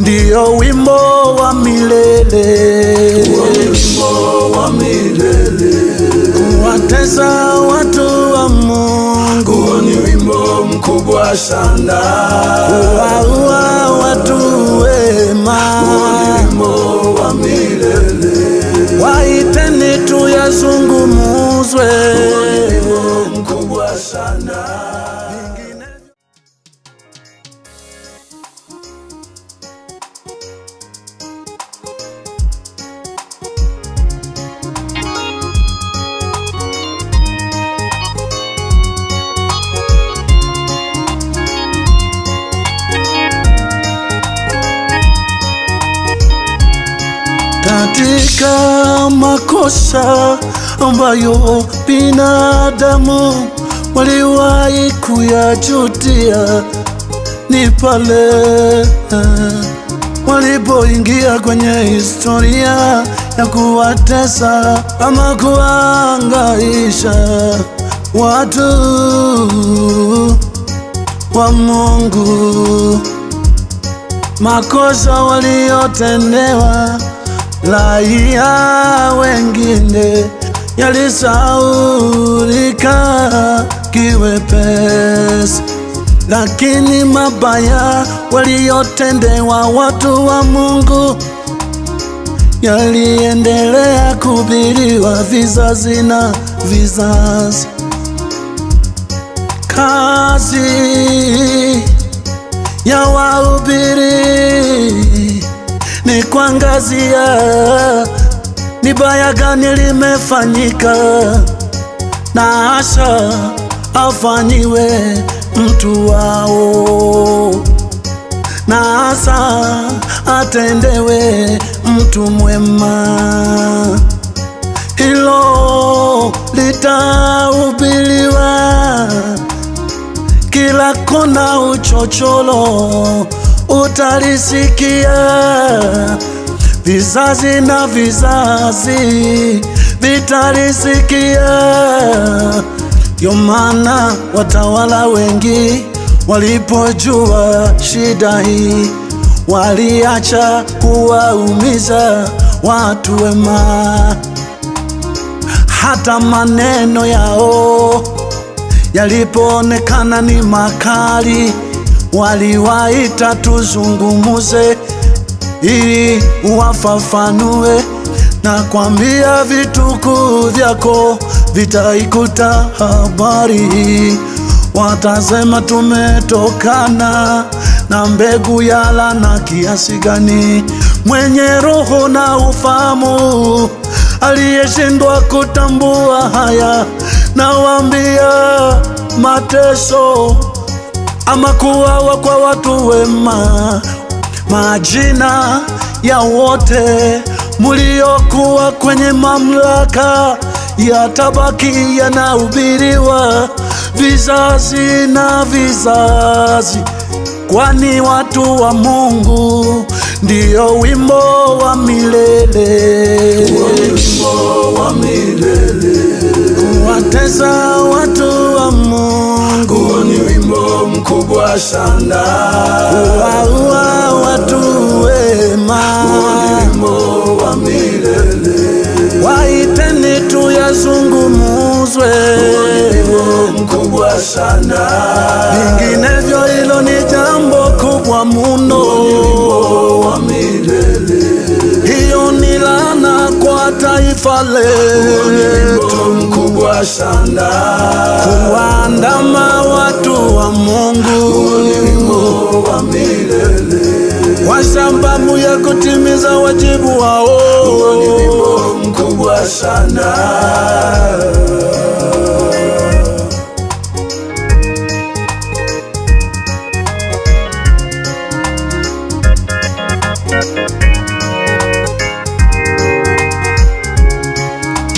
ndio wimbo wa milele, watesa watu wa Mungu, ni wimbo mkubwa sana, waua watu wema, waiteni tuyazungumuzwe katika makosa ambayo binadamu waliwahi kuyajutia ni pale eh, walipoingia kwenye historia ya kuwatesa ama kuangaisha watu wa Mungu, makosa waliotendewa raia wengine yalisaulika kiwepesi, lakini mabaya waliyotendewa watu wa Mungu yaliendelea kuhubiriwa vizazi na vizazi. Kazi ya wahubiri ni kuangazia ni baya gani limefanyika, na asha afanyiwe mtu wao, na hasa atendewe mtu mwema. Hilo litahubiriwa kila kona uchocholo utalisikia, vizazi na vizazi vitalisikia. Ndio maana watawala wengi walipojua shida hii waliacha kuwaumiza watu wema. Hata maneno yao yalipoonekana ni makali, waliwaita tuzungumuze, ili wafafanue na kwambia vituko vyako vitaikuta habari, watasema tumetokana na mbegu ya laana kiasi gani, mwenye roho na ufahamu aliyeshindwa kutambua haya, na mateso ama kuwawa kwa watu wema, majina ya wote muliokuwa kwenye mamlaka yatabaki yanahubiriwa vizazi na vizazi, kwani watu wa Mungu ndio wimbo wa milele. sana kuwaua watu wema, ulimo wa milele waiteni tuyazungumuzwe, ulimo mkubwa sana, vinginevyo hilo ni jambo kubwa muno, ulimo wa milele taifa letu, mkubwa sana kuandama watu wa Mungu wa milele kwa sababu ya kutimiza wajibu wao, mkubwa sana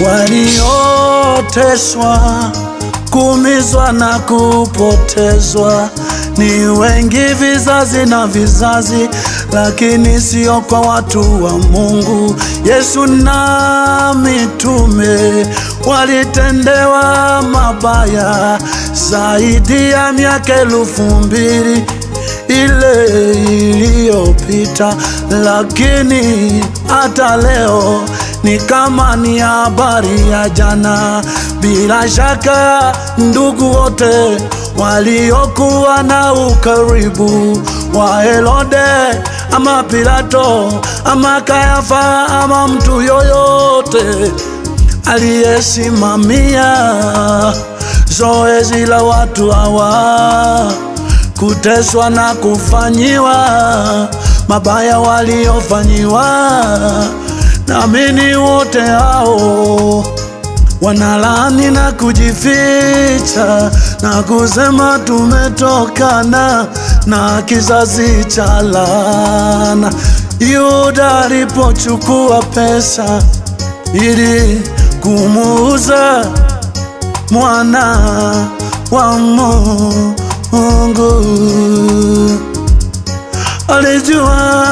walioteswa, kumizwa na kupotezwa ni wengi vizazi na vizazi, lakini sio kwa watu wa Mungu. Yesu na mitume walitendewa mabaya zaidi ya miaka elufu mbili ile iliyopita, lakini hata leo ni kama ni habari ya jana. Bila shaka ndugu wote waliokuwa na ukaribu wa Herode ama Pilato ama Kayafa ama mtu yoyote aliyesimamia zoezi la watu hawa kuteswa na kufanyiwa mabaya waliofanyiwa naamini wote hao wanalani na kujificha na kusema tumetokana na kizazi cha laana. Yuda alipochukua pesa ili kumuuza mwana wa Mungu, alijua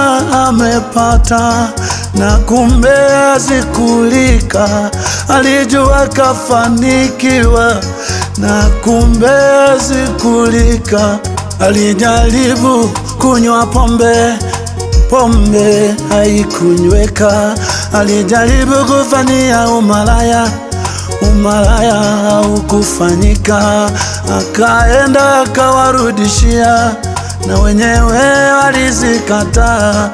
amepata na kumbe azikulika, alijua kafanikiwa na kumbe azikulika. Alijaribu kunywa pombe, pombe haikunyweka. Alijaribu kufania umalaya, umalaya haukufanyika. Akaenda akawarudishia, na wenyewe walizikataa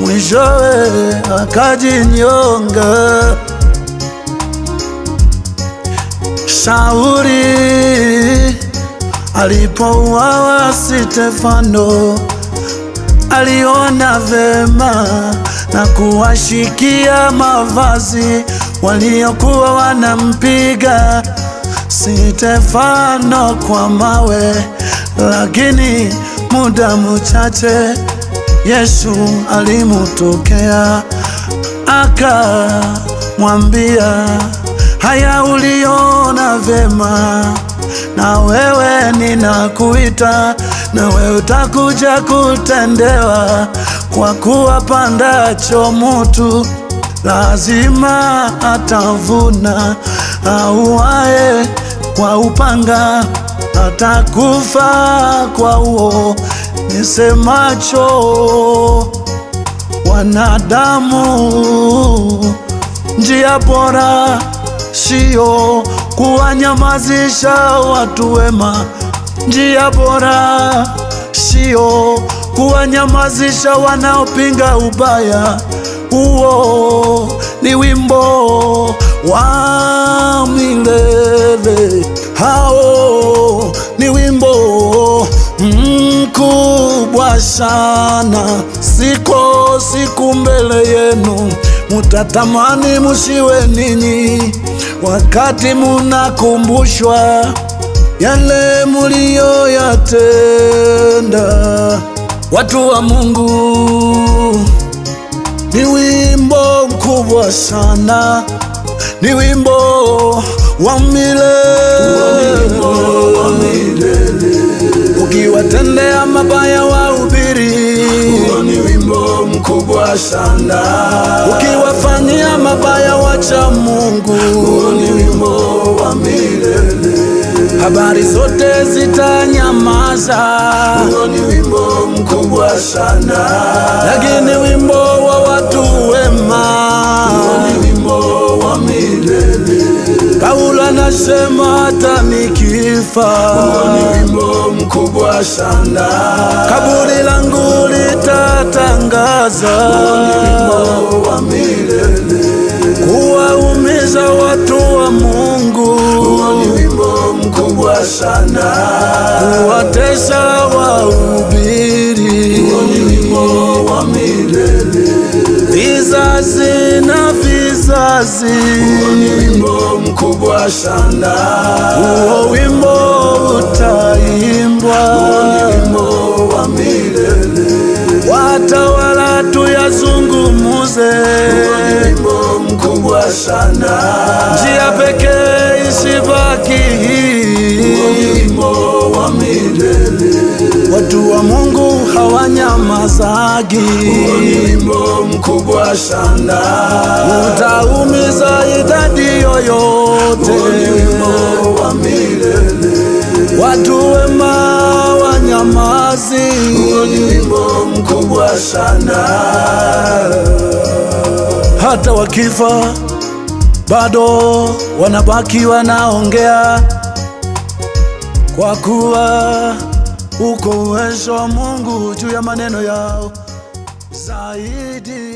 mwishowe akajinyonga. Shauli alipouawa Stefano aliona vema na kuwashikia mavazi waliokuwa wanampiga Stefano kwa mawe, lakini muda mchache Yesu alimutokea akamwambia, haya uliona vyema, na wewe ninakuita, na wewe utakuja kutendewa, kwa kuwa apandacho mutu lazima atavuna, auaye kwa upanga atakufa kwa uo nisemacho wanadamu, njia bora sio kuwanyamazisha watu wema, njia bora sio kuwanyamazisha wanaopinga ubaya. Huo ni wimbo wa milele, hao ni wimbo mkuu mutawashana siko siku mbele yenu, mutatamani mushiwe ninyi, wakati munakumbushwa yale muliyoyatenda. Watu wa Mungu, ni wimbo mkubwa sana, ni wimbo wa milele ukiwatendea mabaya washangaa. Ukiwafanyia mabaya wacha Mungu, ni wimbo wa milele. Habari zote zitanyamaza, ni wimbo mkubwa sana, lakini wimbo Nasema hata nikifa, ni wimbo mkubwa sana, kaburi langu litatangaza wa milele, kuwaumiza watu wa Mungu, ni wimbo mkubwa sana, kuwatesa wahubiri, ni wimbo wa milele, vizazi na vizazi kubwa sana. Huo wimbo utaimbwa, wimbo wa milele, watawala tuyazungumuze, wimbo mkubwa sana, njia pekee isibaki hii, wimbo wa milele hawanyamazagi. Huo ni wimbo mkubwa sana, utaumiza idadi yoyote. Huo wimbo wa milele, watu wema wanyamazi. Huo ni wimbo mkubwa sana, hata wakifa bado wanabaki wanaongea kwa kuwa uko uwezo wa Mungu juu ya maneno yao zaidi